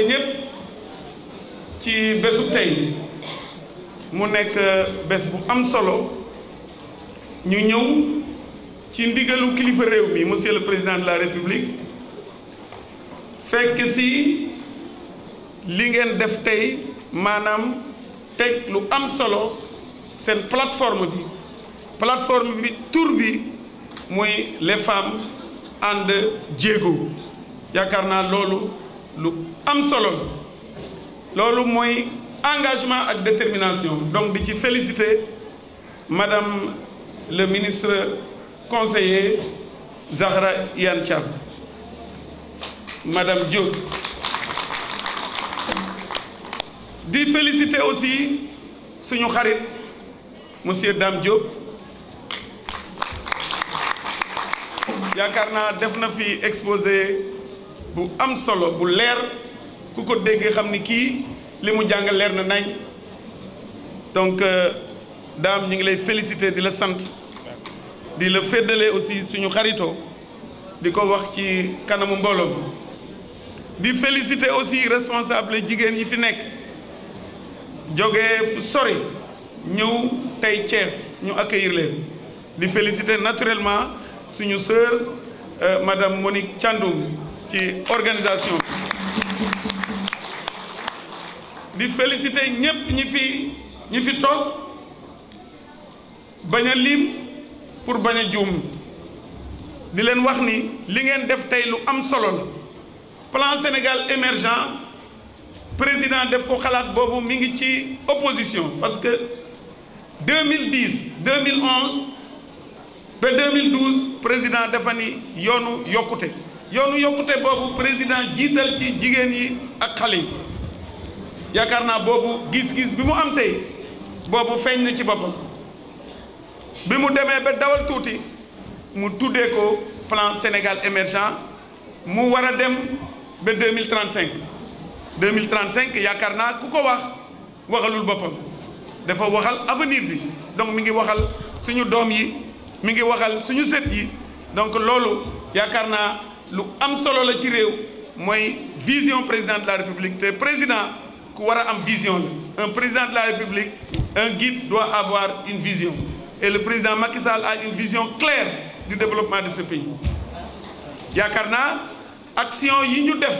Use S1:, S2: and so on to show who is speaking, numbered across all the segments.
S1: daje ñëpp ci bésu tey mu nekk bés bu am solo ñu ñëw ci ndigalu kilifa réew mi monsieur le président de la république fekk si li ngeen def tey maanaam teg lu am solo seen plateforme bi plateforme bi tur bi muy les ànd jéego yaakaar naa loolu lu am solo loolu mooy engagement ak détermination donc di ci féliciter madame le ministre conseiller Zahra Iyane Thiam madame Diop di féliciter aussi suñu xarit monsieur Dame Diop yaakaar naa def na fi exposé bu am solo bu leer ku ko dégg xam ni kii li mu jàng leer na nañ donc euh, daam ñu ngi lay félicité di la sant di la féddale aussi suñu xaritoo di ko wax ci kanamu mbooloo bi di félicité aussi responsable jigéen yi fi nekk jógee fu sori ñëw tey Thiès ñu accueillir leen di félicité naturellement suñu sœur euh, madame Monique Thiandoum ci organisation bi di féliciter ñépp ñi fi ñi fi toog bañ a lim pour bañ a juum di leen wax ni li ngeen def tey lu am solo la plan Sénégal émergent président def ko xalaat boobu mi ngi ci opposition parce que 2010 2011 ba 2012 président dafa ni yoonu yokkute yoonu yokkute boobu président jiital ci jigéen yi ak xale yi yaakaar naa boobu gis-gis bi mu am tey boobu feeñ na ci boppam bi mu demee ba dawal tuuti mu tuddee ko plan Sénégal émergent mu war a dem ba deux mille trente cinq mille trente cinq yaakaar naa ku ko wax waxalul boppam dafa waxal avenir bi donc mi ngi waxal suñu doom yi mu ngi waxal suñu set yi donc loolu yaakaar naa. lu am solo la ci réew mooy vision président de la république te président ku war a am vision la un président de la république un guide doit avoir une vision et le président Macky Sall a une vision claire du développement de ce pays yaakaar naa action yi ñu def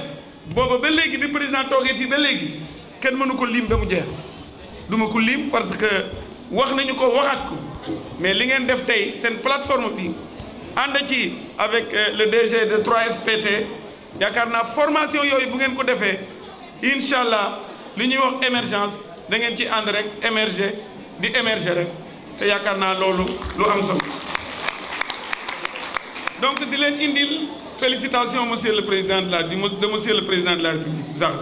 S1: booba ba léegi bi président toogee fii ba léegi kenn mënu ko lim ba mu jeex duma ko liim parce que wax nañu ko waxaat ko mais li ngeen def tey seen plateforme bi ànd ci avec euh, le DG de trois pt yaakaar naa formation yooyu bu ngeen ko defee incha allah li ñuy wax émergence da ngeen ci ànd rek émerger di émerger rek te yaakaar naa loolu lu am solo donc di leen indil félicitations monsieur le président de la de monsieur le président de la république sax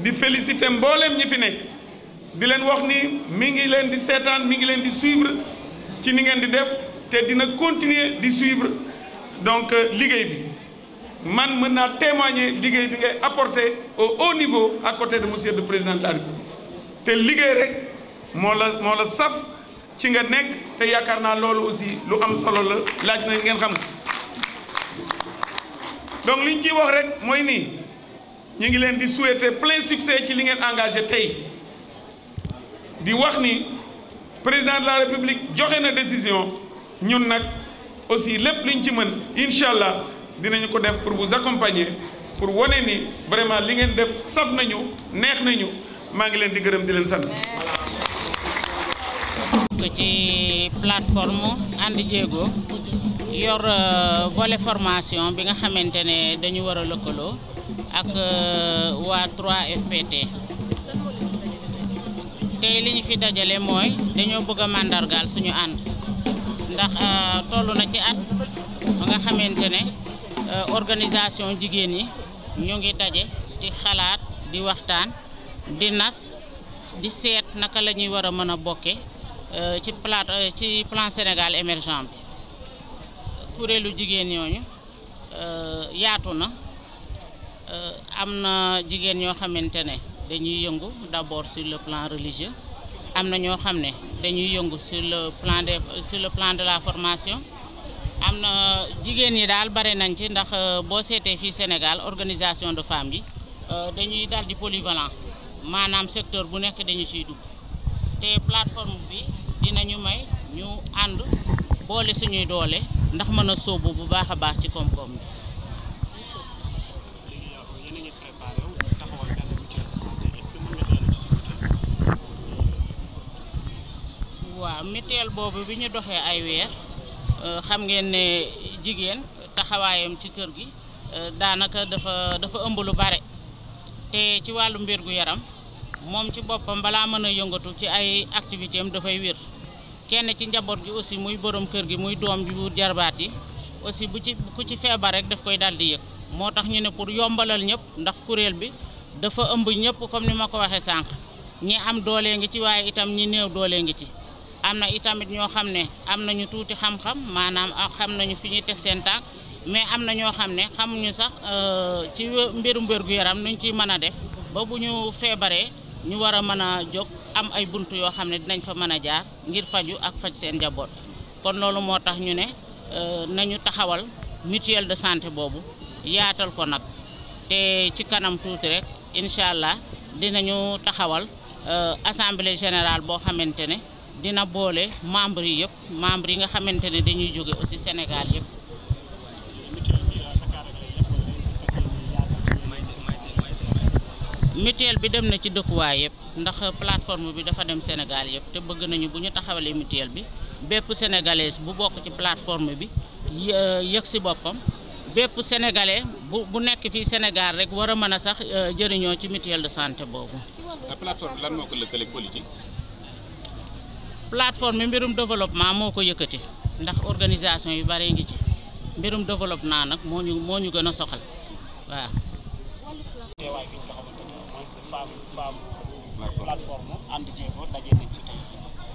S1: di féliciter mbooleem ñi fi nekk di leen wax ni mi ngi leen di seetaan mi ngi leen di suivre ci ni ngeen di def. te dina continuer di suivre donc euh, liggéey bi man mën naa témoigner liggéey bi ngay apporter au haut niveau ak côté de monsieur le président de la République te liggéey rek moo la moo la saf ci nga nekk te yaakaar naa loolu aussi lu am solo la laaj na ngeen xam donc li ñu ciy wax rek mooy nii ñu ngi leen di souhaiter plein succès ci li ngeen engagé tey di wax ni président de la République joxe na décision. ñun nag aussi lépp liñ ci mën incha allah dinañu ko def pour vous accompagner pour wane ni vraiment li ngeen def saf nañu neex nañu maa ngi leen di gërëm di leen sant.
S2: ci plateforme Andi Jéego yor euh, volet formation bi nga xamante ne dañu war a lëkkaloo ak euh, waa 3FPT tey li ñu fi dajale mooy dañoo bëgg a màndargaal suñu ànd. ndax euh, toll na ci at ba nga xamante ne euh, organisation jigéen ñi ñu ngi daje di xalaat di waxtaan di nas di seet naka lañuy ñuy war a mën a bokke euh, ci plan ci plan Sénégal émergent bi kuréelu jigéen ñooñu yaatu na am na jigéen ñoo xamante ne dañuy yëngu d'abord sur le plan religieux am na ñoo xam ne dañuy yëngu sur le plan de sur le plan de la formation am na jigéen ñi daal bare nañ ci ndax euh, boo seetee fii Sénégal organisation de femmes yi euh, dañuy daal di polyvalent maanaam secteur bu nekk dañu ciy dugg te plateforme bi dinañu may ñu ànd boole suñuy doole ndax mën a soobu bu baax a baax ci koom-koom bi waaw mutuelle boobu bi ñu doxee ay weer euh, xam ngeen ne jigéen taxawaayam ci kër gi euh, daanaka dafa dafa ëmb lu bare te ci wàllu mbir gu yaram moom ci boppam balaa mën a yëngatu ci ay activité am dafay wér kenn ci njaboot gi aussi muy borom kër gi muy doom ji bu jarbaat yi aussi bu ci ku ci feebar rek daf koy daal di yëg moo tax ñu ne pour yombalal ñëpp ndax kuréel bi dafa ëmb ñëpp comme ni ma ko waxee sànq ñi am doole ngi ci waaye itam ñi new doole ngi ci am na itamit ñoo xam ne am nañu tuuti xam-xam maanaam ah, xam nañu fi ñuy teg seen tànk mais am na ñoo xam ne xamuñu sax euh, ci mbirum mbérgu yaram nuñ ciy mën a def ba bu ñu feebaree ñu war a mën a jóg am ay buntu yoo xam ne dinañ fa mën a jaar ngir faju ak faj seen njaboot kon loolu moo tax ñu ne euh, nañu taxawal mutuelle de santé boobu yaatal ko nag te ci kanam tuuti rek incha allah dinañu taxawal euh, assemblée générale boo xamante ne dina boole membres yi yëpp membres yi nga xamante ne dañuy jóge aussi senegal yëpp. mutuelle bi dem na ci dëkkuwaay yëpp ndax plateforme bi dafa dem Sénégal yëpp te bëgg nañu bu ñu taxawalee mutuelle bi bépp sénégalais bu bokk ci plateforme bi yëg si boppam bépp sénégalais bu bu nekk fii senegal rek war a mën a sax euh, jëriñoo ci mutuelle de santé boobu.
S1: Ah, plateforme lan moo ko lëkkaleeg
S2: plateforme bi mbirum développement moo ko yëkkati ndax organisation yu bare ngi ci mbirum développement nag moo ñu moo ñu gën a soxal waaw.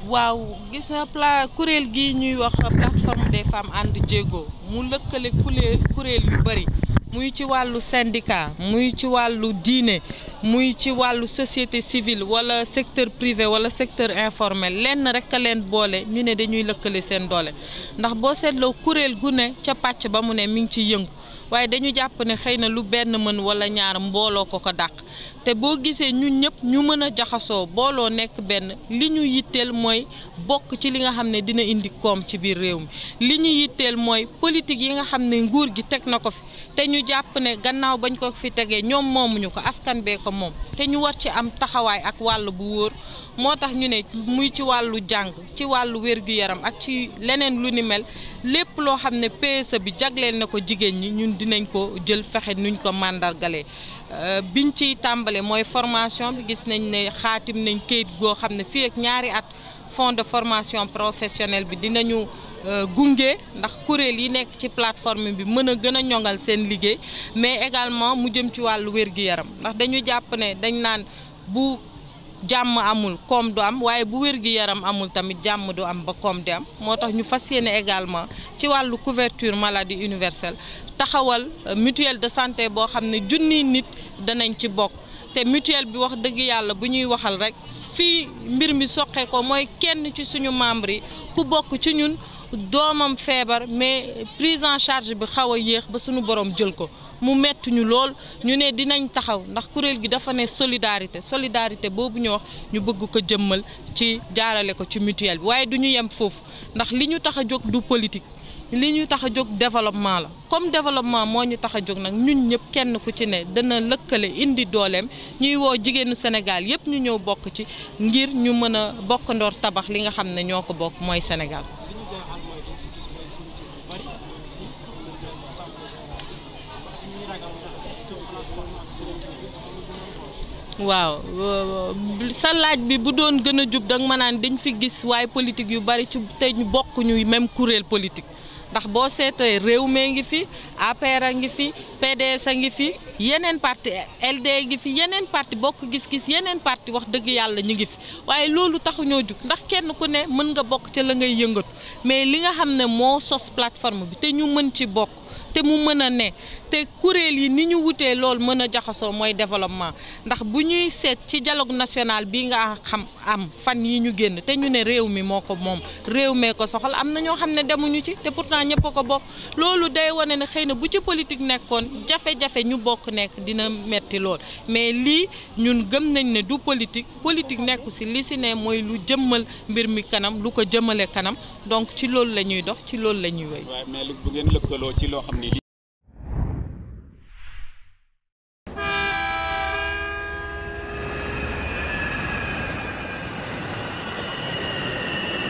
S3: waaw gis na pla kuréel gi ñuy wax plateforme ànd jéego mu lëkkale kuréel kuréel yu bari. muy ci wàllu syndicat muy ci wàllu diine muy ci wàllu societé civile wala secteur privé wala secteur informel lenn rek a leen boole ñu ne dañuy lëkkale seen doole ndax boo seetloo kuréel gu ne ca pàcc ba mu ne mi ngi ci yëngu waaye dañu jàpp ne xëy na lu benn mën wala ñaar mbooloo ko ko dàq te boo gisee ñun ñëpp ñu mën a jaxasoo booloo nekk benn li ñu yitteel mooy bokk ci li nga xam ne dina indi koom ci biir réew mi li ñu yitteel mooy politique yi nga xam ne nguur gi teg na ko fi te ñu jàpp ne gannaaw bañ ko fi tegee ñoom moomuñu ko askan bee ko moom te ñu war ci am taxawaay ak wàll bu wóor moo tax ñu ne muy ci wàllu jàng ci wàllu wér gi yaram ak ci leneen lu ni mel lépp loo xam ne PSE bi jagleel na ko jigéen ñi ñun dinañ ko jël fexe nuñ ko màndargalee Euh, biñ ciy tàmbale mooy formation bi gis nañ ne xaatim nañ kayit goo xam ne fii ak ñaari at fonds de formation professionnelle bi dinañu euh, gunge ndax kuréel yi nekk ci plateforme bi mën a gën a ñongal seen liggéey mais également mu jëm ci wàllu wér-gi-yaram ndax dañu jàpp ne dañ naan bu jàmm amul koom du am waaye bu wér gi yaram amul tamit jàmm du am ba koom di am moo tax ñu fas yéene également ci wàllu couverture maladie universelle taxawal euh, mutuelle de santé boo xam ne junni nit danañ ci bokk te mutuelle bi wax dëgg yàlla bu ñuy waxal rek fii mbir mi soqee ko mooy kenn ci suñu membre yi ku bokk ci ñun doomam feebar mais prise en charge bi xaw a yéex ba suñu borom jël ko mu metti lool ñu ne dinañ taxaw ndax kuréel gi dafa ne solidarité solidarité boobu ñu wax ñu bëgg ko jëmmal ci jaarale ko ci mutuelle bi waaye du ñu yem foofu ndax li ñu tax a jóg du politique li ñu tax a jóg développement la comme développement moo ñu tax a jóg nag ñun ñëpp kenn ku ci ne dana lëkkale indi dooleem ñuy woo jigéenu Sénégal yëpp ñu ñëw bokk ci ngir ñu mën a bokkandoor tabax li nga xam ne ñoo ko bokk mooy Sénégal waaw euh, sa laaj bi bu doon gën a jub danga ma naan dañ fi gis waaye politique yu bari ci te ñu bokkuñu ñuy même kuréel politique ndax boo seetee réew mee ngi fi APR a ngi fi PDS a ngi fi yeneen parti LD ngi fi yeneen parti bokk gis-gis yeneen parti wax dëgg yàlla ñu ngi fi waaye loolu taxuñoo jug ndax kenn ku ne mën nga bokk ca la ngay yëngatu mais li nga xam ne moo sos plateforme bi te ñu mën ci bokk te mu mën a ne te kuréel yi ni ñu wutee lool mën a jaxasoo mooy développement ndax bu ñuy seet ci dialogue national bi nga xam am fan yi ñu génn te ñu ne réew mi moo ko moom réew mee ko soxal am na ñoo xam ne demuñu ci te pourtant ñëpp a ko bokk loolu day wane ne xëy na bu ci politique nekkoon jafe-jafe ñu bokk nekk dina metti lool mais lii ñun gëm nañ ne du politique politique nekku si li si ne mooy lu jëmmal mbir mi kanam lu ko jëmale kanam donc ci loolu la ñuy dox ci loolu la ñuy wéy